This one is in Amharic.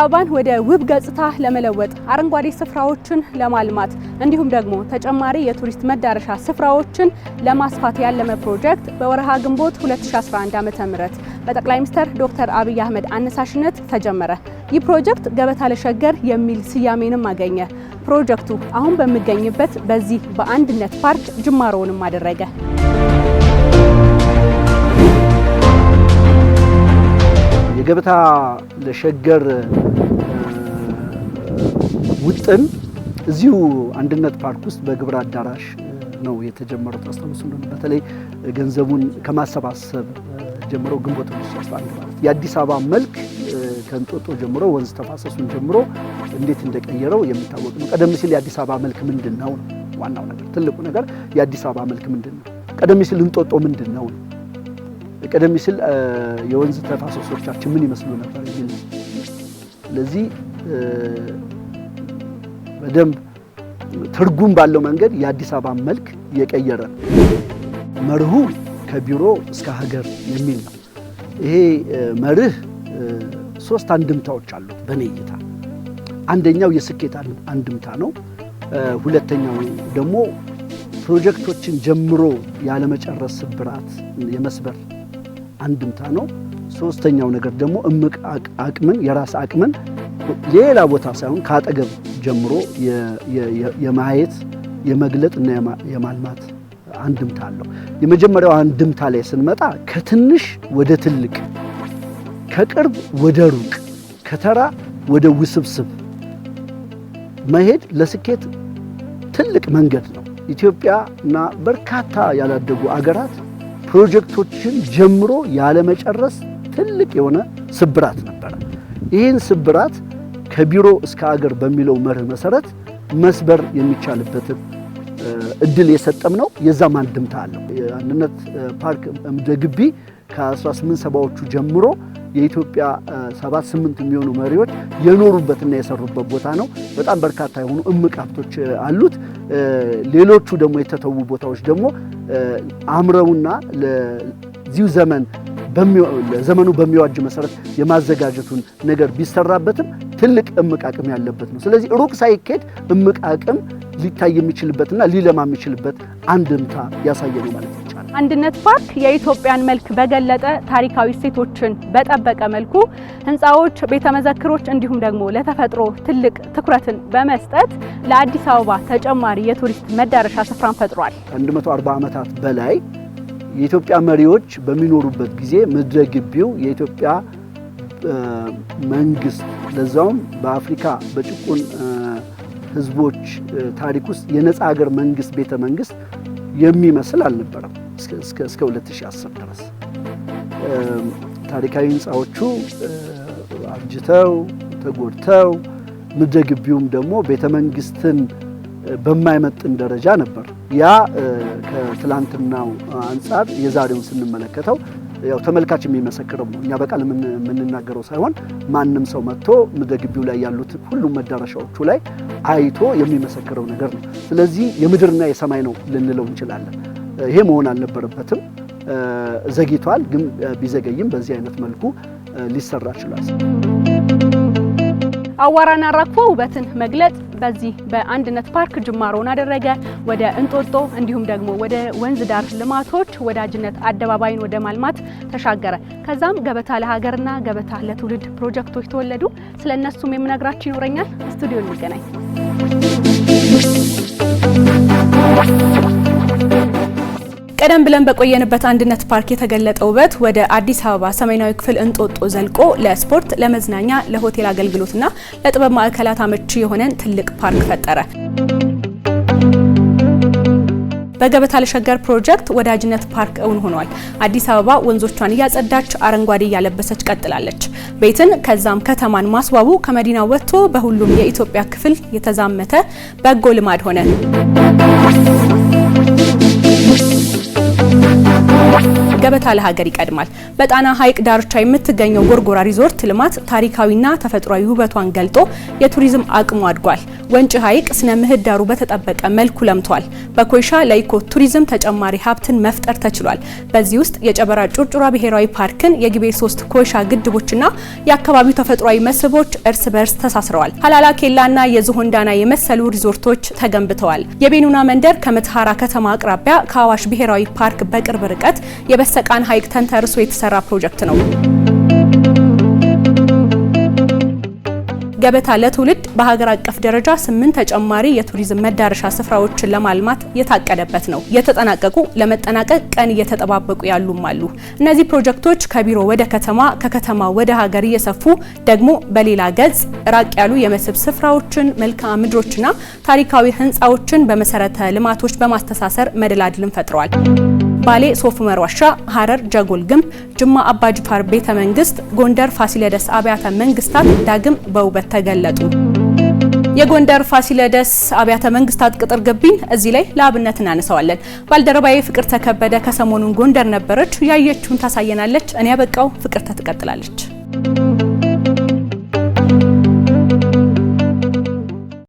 አበባን ወደ ውብ ገጽታ ለመለወጥ አረንጓዴ ስፍራዎችን ለማልማት እንዲሁም ደግሞ ተጨማሪ የቱሪስት መዳረሻ ስፍራዎችን ለማስፋት ያለመ ፕሮጀክት በወረሃ ግንቦት 2011 ዓ.ም በጠቅላይ ሚኒስትር ዶክተር አብይ አህመድ አነሳሽነት ተጀመረ። ይህ ፕሮጀክት ገበታ ለሸገር የሚል ስያሜንም አገኘ። ፕሮጀክቱ አሁን በሚገኝበት በዚህ በአንድነት ፓርክ ጅማሮውንም አደረገ። የገበታ ሸገር ውጥን እዚሁ አንድነት ፓርክ ውስጥ በግብር አዳራሽ ነው የተጀመረው። ታስታውሱ እንደሆነ በተለይ ገንዘቡን ከማሰባሰብ ጀምሮ ግንቦት ሶስት አንድ ማለት የአዲስ አበባ መልክ ከእንጦጦ ጀምሮ ወንዝ ተፋሰሱን ጀምሮ እንዴት እንደቀየረው የሚታወቅ ነው። ቀደም ሲል የአዲስ አበባ መልክ ምንድን ነው? ዋናው ነገር ትልቁ ነገር የአዲስ አበባ መልክ ምንድን ነው? ቀደም ሲል እንጦጦ ምንድን ነው? ቀደም ሲል የወንዝ ተፋሰሶቻችን ምን ይመስሉ ነበር የሚል ነው። ስለዚህ በደንብ ትርጉም ባለው መንገድ የአዲስ አበባ መልክ እየቀየረ መርሁ ከቢሮ እስከ ሀገር የሚል ነው። ይሄ መርህ ሶስት አንድምታዎች አሉት በእኔ እይታ። አንደኛው የስኬት አንድምታ ነው። ሁለተኛው ደግሞ ፕሮጀክቶችን ጀምሮ ያለመጨረስ ስብራት የመስበር አንድምታ ነው። ሶስተኛው ነገር ደግሞ እምቅ አቅምን የራስ አቅምን ሌላ ቦታ ሳይሆን ከአጠገብ ጀምሮ የማየት የመግለጥ እና የማልማት አንድምታ አለው። የመጀመሪያው አንድምታ ላይ ስንመጣ ከትንሽ ወደ ትልቅ፣ ከቅርብ ወደ ሩቅ፣ ከተራ ወደ ውስብስብ መሄድ ለስኬት ትልቅ መንገድ ነው። ኢትዮጵያ እና በርካታ ያላደጉ አገራት ፕሮጀክቶችን ጀምሮ ያለመጨረስ ትልቅ የሆነ ስብራት ነበረ። ይህን ስብራት ከቢሮ እስከ አገር በሚለው መርህ መሰረት መስበር የሚቻልበትን እድል የሰጠም ነው። የዛም አንድምታ አለው። የአንድነት ፓርክ ግቢ ከ 1870 ሰባዎቹ ጀምሮ የኢትዮጵያ ሰባት ስምንት የሚሆኑ መሪዎች የኖሩበትና የሰሩበት ቦታ ነው። በጣም በርካታ የሆኑ እምቅ ሀብቶች አሉት። ሌሎቹ ደግሞ የተተዉ ቦታዎች ደግሞ አምረውና ለዚሁ ዘመን ዘመኑ በሚዋጅ መሰረት የማዘጋጀቱን ነገር ቢሰራበትም ትልቅ እምቅ አቅም ያለበት ነው። ስለዚህ ሩቅ ሳይኬድ እምቅ አቅም ሊታይ የሚችልበትና ሊለማ የሚችልበት አንድምታ ያሳየ ነው ማለት ነው። አንድነት ፓርክ የኢትዮጵያን መልክ በገለጠ ታሪካዊ እሴቶችን በጠበቀ መልኩ ህንፃዎች፣ ቤተ መዘክሮች እንዲሁም ደግሞ ለተፈጥሮ ትልቅ ትኩረትን በመስጠት ለአዲስ አበባ ተጨማሪ የቱሪስት መዳረሻ ስፍራን ፈጥሯል። 140 ዓመታት በላይ የኢትዮጵያ መሪዎች በሚኖሩበት ጊዜ ምድረ ግቢው የኢትዮጵያ መንግስት ለዛውም በአፍሪካ በጭቁን ህዝቦች ታሪክ ውስጥ የነፃ ሀገር መንግስት ቤተ መንግስት የሚመስል አልነበረም። እስከ 2010 ድረስ ታሪካዊ ህንፃዎቹ አርጅተው ተጎድተው ምድረ ግቢውም ደግሞ ቤተ መንግስትን በማይመጥን ደረጃ ነበር። ያ ከትላንትናው አንጻር የዛሬውን ስንመለከተው ያው ተመልካች የሚመሰክረው እኛ በቃል የምንናገረው ሳይሆን ማንም ሰው መጥቶ ምድረ ግቢው ላይ ያሉት ሁሉም መዳረሻዎቹ ላይ አይቶ የሚመሰክረው ነገር ነው። ስለዚህ የምድርና የሰማይ ነው ልንለው እንችላለን። ይሄ መሆን አልነበረበትም። ዘግይቷል፣ ግን ቢዘገይም በዚህ አይነት መልኩ ሊሰራ ይችላል። አዋራን አራግፎ ውበትን መግለጽ በዚህ በአንድነት ፓርክ ጅማሮን አደረገ። ወደ እንጦጦ እንዲሁም ደግሞ ወደ ወንዝ ዳር ልማቶች ወዳጅነት አደባባይን ወደ ማልማት ተሻገረ። ከዛም ገበታ ለሀገርና ገበታ ለትውልድ ፕሮጀክቶች ተወለዱ። ስለ እነሱም የምነግራችሁ ይኖረኛል። ስቱዲዮ እንገናኝ። ቀደም ብለን በቆየንበት አንድነት ፓርክ የተገለጠ ውበት ወደ አዲስ አበባ ሰሜናዊ ክፍል እንጦጦ ዘልቆ ለስፖርት፣ ለመዝናኛ፣ ለሆቴል አገልግሎትና ለጥበብ ማዕከላት አመቺ የሆነን ትልቅ ፓርክ ፈጠረ። በገበታ ለሸገር ፕሮጀክት ወዳጅነት ፓርክ እውን ሆኗል። አዲስ አበባ ወንዞቿን እያጸዳች አረንጓዴ እያለበሰች ቀጥላለች። ቤትን ከዛም ከተማን ማስዋቡ ከመዲና ወጥቶ በሁሉም የኢትዮጵያ ክፍል የተዛመተ በጎ ልማድ ሆነ። ገበታ ለሀገር ይቀድማል። በጣና ሐይቅ ዳርቻ የምትገኘው ጎርጎራ ሪዞርት ልማት ታሪካዊና ተፈጥሯዊ ውበቷን ገልጦ የቱሪዝም አቅሙ አድጓል። ወንጭ ሐይቅ ስነ ምህዳሩ በተጠበቀ መልኩ ለምቷል። በኮይሻ ለኢኮ ቱሪዝም ተጨማሪ ሀብትን መፍጠር ተችሏል። በዚህ ውስጥ የጨበራ ጩርጩራ ብሔራዊ ፓርክን፣ የግቤ ሶስት ኮይሻ ግድቦችና የአካባቢው ተፈጥሯዊ መስህቦች እርስ በርስ ተሳስረዋል። ሀላላ ኬላና የዝሆን ዳና የመሰሉ ሪዞርቶች ተገንብተዋል። የቤኑና መንደር ከመተሐራ ከተማ አቅራቢያ ከአዋሽ ብሔራዊ ፓርክ በቅርብ ቅርብ ርቀት የበሰቃን ሐይቅ ተንተርሶ የተሰራ ፕሮጀክት ነው። ገበታ ለትውልድ በሀገር አቀፍ ደረጃ ስምንት ተጨማሪ የቱሪዝም መዳረሻ ስፍራዎችን ለማልማት የታቀደበት ነው። የተጠናቀቁ ለመጠናቀቅ ቀን እየተጠባበቁ ያሉም አሉ። እነዚህ ፕሮጀክቶች ከቢሮ ወደ ከተማ፣ ከከተማ ወደ ሀገር እየሰፉ ደግሞ በሌላ ገጽ ራቅ ያሉ የመስህብ ስፍራዎችን፣ መልክዓ ምድሮችና ታሪካዊ ህንፃዎችን በመሰረተ ልማቶች በማስተሳሰር መደላድልን ፈጥረዋል። ባሌ ሶፍ ዑመር ዋሻ፣ ሀረር ጀጎል ግንብ፣ ጅማ አባጅፋር ቤተ መንግስት፣ ጎንደር ፋሲለደስ አብያተ መንግስታት ዳግም በውበት ተገለጡ። የጎንደር ፋሲለደስ አብያተ መንግስታት ቅጥር ግቢን እዚህ ላይ ለአብነት እናነሳዋለን። ባልደረባዬ ፍቅር ተከበደ ከሰሞኑን ጎንደር ነበረች፣ ያየችውን ታሳየናለች። እኔ ያበቃው ፍቅር ተትቀጥላለች።